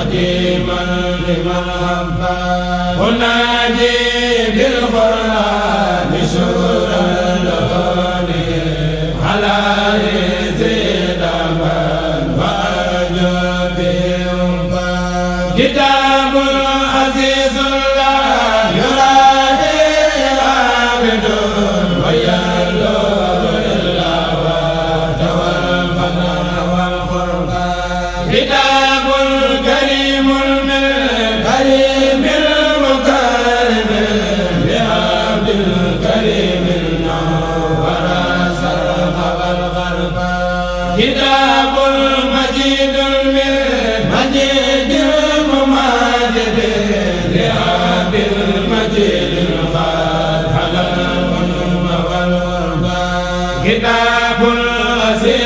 قديما لمن أبى أنادي بالقرآن amiin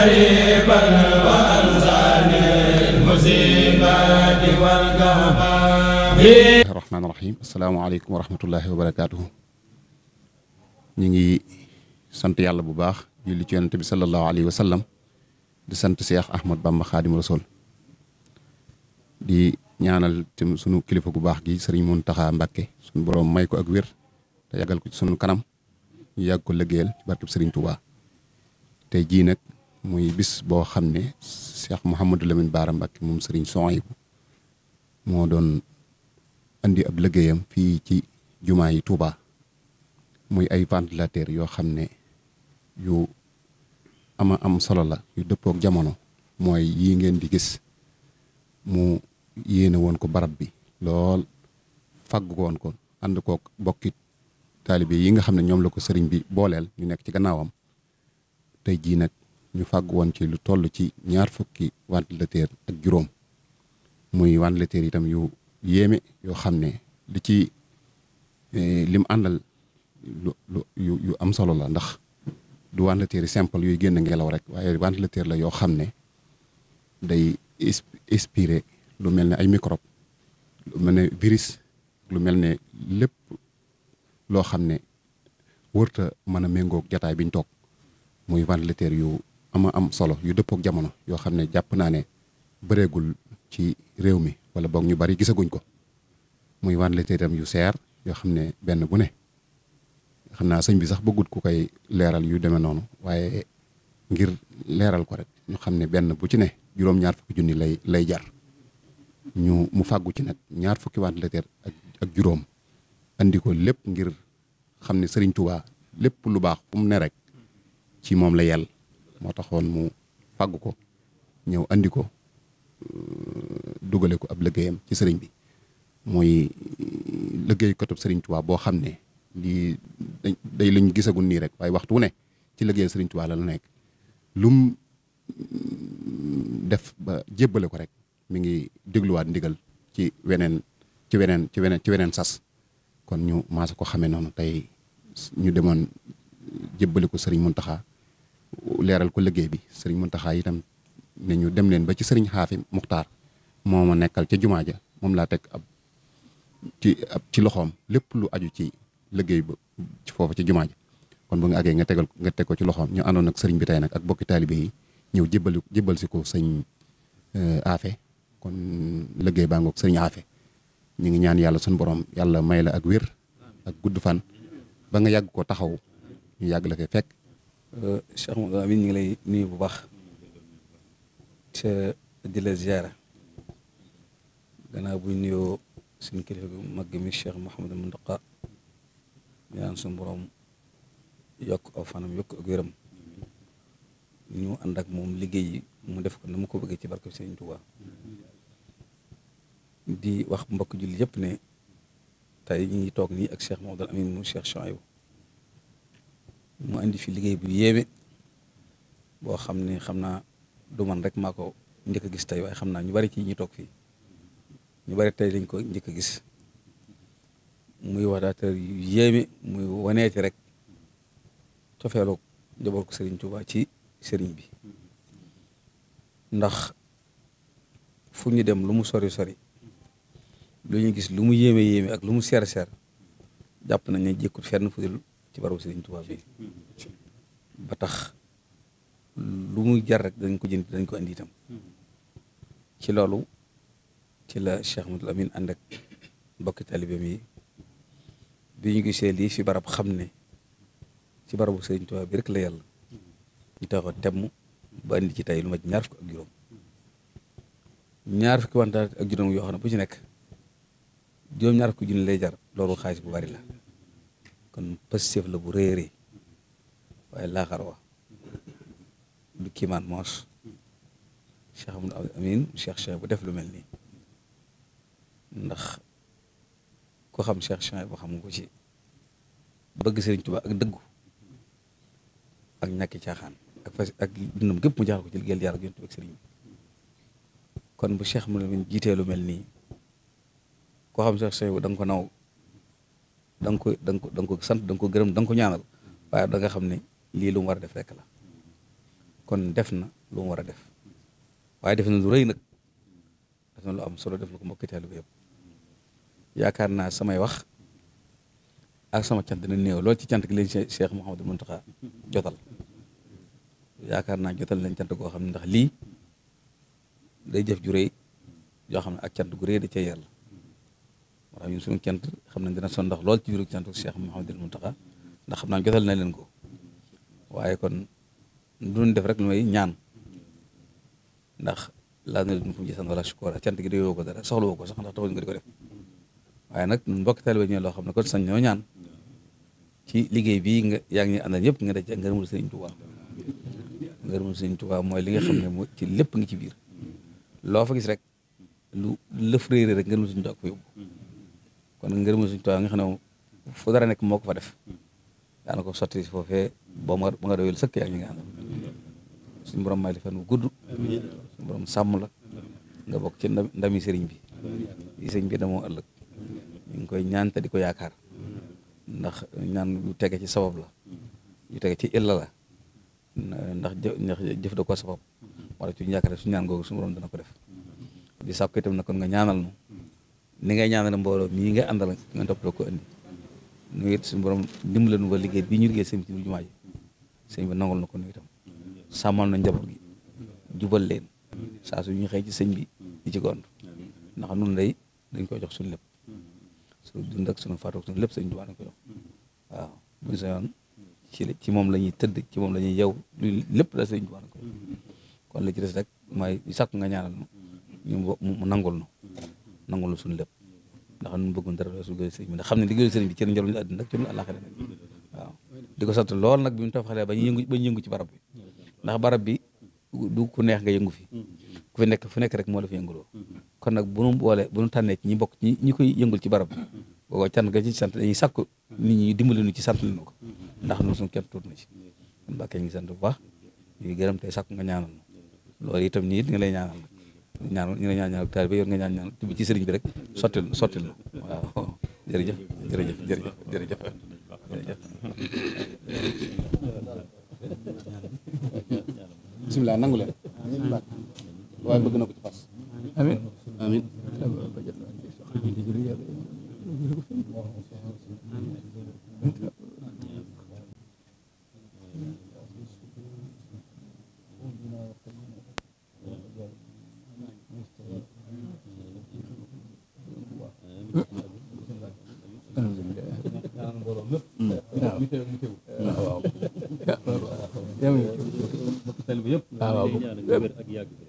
rahmaani rahiim asalaamaaleykum wa ñu ngi sant yàlla bu baax julli ci yonent bi sallallahu alayhi wa di sant Seex Ahmad Bamba Xaadim Rasul di ñaanal tam sunu kilifa gu baax gi sëriñ Muntaxa Mbàkke sunu borom may ko ak wér te yàggal ko ci sunu kanam ñu yàgg ko liggéeyal ci barkeb sëriñ Tuubaa tey jii muy bis boo xam ne Cheikh Mouhamadou Lamine Bara Mbacké moom Serigne Souhaïbou moo doon indi ab liggéeyam fii ci jumaa yi Touba muy ay ventilateur yoo xam ne yu ama am solo la yu dëppook jamono mooy yi ngeen di gis mu yéene woon ko barab bi lool fagg woon ko ànd kook bokki taalibe yi nga xam ne ñoom la ko sëriñ bi booleel ñu nekk ci gannaawam tey jii ñu fàgg woon ci lu toll ci ñaar fukki ventilateur ak juróom muy ventilateur itam yu yéeme yoo xam ne li ci eh, lim àndal lu lu yu am solo la ndax du ventilateur yi simple yuy génn ngelaw rek waaye ventilateur la yoo xam ne day inspiré lu mel ne ay microbe lu mel ne virus lu mel ne lépp loo xam ne wërta mën a méngoog jataay bi ñu toog muy ventilateur yu ama am solo yu dëppook jamono yoo xam ne jàpp naa ne bëreegul ci réew mi wala boog ñu bari gisaguñ ko muy wanleté itam yu seer yoo xam ne benn bu ne xam naa sëñ bi sax bëggut ku koy leeral yu demee noonu waaye ngir leeral ko rek ñu xam ne benn bu ci ne juróom-ñaar fukki junni lay lay jar ñu mu fàggu ci nag ñaar fukki wanleté ak ak juróom andi ko lépp ngir xam ne sëriñ Tuubaa lépp lu baax fu ne rek ci moom la yàlla moo taxoon mu fàggu ko ñëw andi ko euh, dugale ko ab liggéeyam ci sëriñ bi mooy euh, liggéey katub sëriñ Tuubaa boo xam ne lii day luñ gisagul nii rek waaye waxtu wu ne ci liggéey sëriñ Tuubaa la la nekk lum mm, def ba jébbale ko rek mu ngi dégluwaat ndigal ci weneen ci weneen ci weneen ci weneen sas kon ñu maasa ko xamee noonu tey ñu demoon jébbale ko sëriñ Muntaxa leeral ko liggéey bi sëriñ Muntaxa itam ne ñu dem leen ba ci sëriñ xaafi Muxtaar moo ma nekkal ca jumaa ja moom laa teg ab ci ci loxoom lépp lu aju ci liggéey ba ci foofu ci jumaa kon bu nga nga tegal nga teg ko ci loxoom ñu àndoon ak sëriñ bi tey nag ak bokki taalibe ñëw jébbal jébbal si ko sëñ eh, aafe kon liggéey baa ngoog sëriñ ñu ngi ñaan yàlla suñu boroom yàlla may la ak wér ak gudd fan ba nga yàgg ko taxaw ñu yàgg la fee fekk Euh, Cheikh Mouhamadou Amine ñu ngi lay nuyu bu baax te di la ziara gannaaw buy ñu nuyoo suñu kilifa mu mag mi Cheikh Mouhamadou Mountakha ñaan suñu borom yokk aw fanam yokk ak wéram ñu ànd ak moom liggéey yi mu def ko ni mu ko bëggee ci barke Sëriñ Tuubaa di wax mbokk julli yëpp ne tey ñu ngi toog nii ak Cheikh Mouhamadou Amine mu Cheikh Chouaïb mu indi fi liggéey bi yéeme boo xam ni xam naa du rek maa njëkk a gis tey waaye xam naa ñu bari ci ñu toog fii ñu bari tey lañ ko njëkk a gis muy wadaateur yu yéeme muy waneeti rek cofeelu njaboot ko Serigne Touba ci Serigne bi ndax fu ñu dem lu mu sori sori lu ñu gis lu mu yéeme yéeme ak lu mu seer seer jàpp nañ ne jékkut fenn fu dul ci barabu Sëriñ Tuubaa bi ba tax lu muy jar rek dañ ko jënd dañ ko indi itam ci loolu ci la Cheikh Ahmadou Lamine ànd ak mbokki taalibeem yi bi ñu gisee lii fi barab xam ne ci barabu Sëriñ Tuubaa bi rek la yàlla ñu taxaw temm ba indi ci tey lu ma ñaar fukki ak juróom ñaar fukki wantaat ak juróom yoo xam ne bu ci nekk juróom ñaar fukki junni lay jar loolu xaalis bu bari la kon positif la bu réer yi waaye laaxar wa du kiimaan moos Cheikh Amadou Amin Cheikh Cheikh bu def lu mel nii ndax ku xam Cheikh Cheikh bu xam nga ko ci bëgg Sëriñ Tuubaa ak dëggu ak ñàkki caaxaan ak fas ak dundam gépp mu jaaxal ko ci liggéeyal yàlla yonent bi ak sëriñ kon bu Cheikh Amadou Amin jiitee lu mel nii ku xam Cheikh Cheikh bu da ko naw da nga ko da nga sant danga nga ko gërëm danga nga ko ñaanal waaye da nga xam ne lii lu mu war a def rek la kon def na lu mu war a def waaye def na lu rëy nag def na lu am solo def na ko mbokki taalibe yëpp yaakaar naa samay wax ak sama cant dina néew loolu ci cant gi leen Cheikh Mouhamadou Mountakha jotal yaakaar naa jotal lañ cant goo xam ne ndax lii day jëf ju rëy yoo xam ne ak cant gu rëy da cee yàlla maanaam ñun suñu cant xam nañ dina son ndax lool ci biiru cantu Cheikh Mouhamadul Mountakha ndax xam naa jotal na leen ko waaye kon duñ def rek lu may ñaan ndax laaj na leen fu mu gisaan wala sukkoora cant gi ko dara soxla woo ko sax ndax taxul ko def waaye nag mbokk taalibe ñu loo xam ne kon sañ ñoo ñaan ci liggéey bi nga yaa ngi ñuy àndal nga def ci ngërëmul Sëriñ Tuubaa ngërëmul Sëriñ Tuubaa mooy li nga xam ne mooy ci lépp nga ci biir loo fa gis rek lu lëf réeré rek ngërëmul Sëriñ Tuubaa ko yóbbu kon ngërëmu suñu tubaab nga xam ne fu dara nekk moo ko fa def daana ko sotti foofee ba mu ba nga doyul sëkk ak nga àndal suñu borom may la bu gudd suñu borom sàmm la nga bokk ci ndami sëriñ bi yi sëriñ bi damoo ëllëg ñu ngi koy ñaan di ko yaakaar ndax ñaan yu tege ci sabab la yu tege ci illa la ndax ndax jëf da ko sabab wala ci ñu yaakaar suñu ñaan googu suñu borom dana ko def di sàkk itam na kon nga ñaanal nu ni ngay ñaanal mbooloo mii nga àndal nga toppatoo ko indi ñu ngi suñu borom dimbali nu ba liggéey bi ñu liggéey sëñ bi ci jumaa ji sëñ bi nangul na ko nuyu itam sàmmal na njaboot gi jubal leen saa su ñu xëy ci sëñ bi di ci gont ndax nun day dañ koy jox suñ lépp suñu dund ak suñu faatu ak suñu lépp sëñ Tuubaa dañ ko jox waaw ci moom la ñuy tëdd ci moom la ñuy yow lépp la sëñ Tuubaa dañ ko kon la ci des rek mooy sàkk nga ñaanal nu ñu mu nangul nu nangul suñu lépp ndax nun bëggun dara su liggéey sëriñ ndax xam ne liggéeyu sëriñ bi ci njëriñu àddina ak ci àllaxira nag waaw di ko sant lool nag bi mu tafaxalee ba ñu yëngu ba ñu yëngu ci barab bi ndax barab bi du ku neex nga yëngu fi ku fi nekk fu nekk rek moo la fi yënguloo kon nag bu nu boole bu nu tànnee ci ñi bokk ñi ñi koy yëngul ci barab bi boobaa cant nga ci sant ñi sàkku ni ñi dimbali nu ci sant nañu ko ndax nun suñu kenn tuut na ci kon Mbàkke ñu ngi sant bu baax ñu ngi gërëm tey sàkku nga ñaanal lool itam ñi it lay ñaanal ñaan ñu nga ñaan ñaan ak taalibe yor nga ñaan ñaan ci sëriñ bi rek sottil sottil waaw jërëjëf jërëjëf jërëjëf jërëjëf bisimilah waaye bëgg na ko ci amin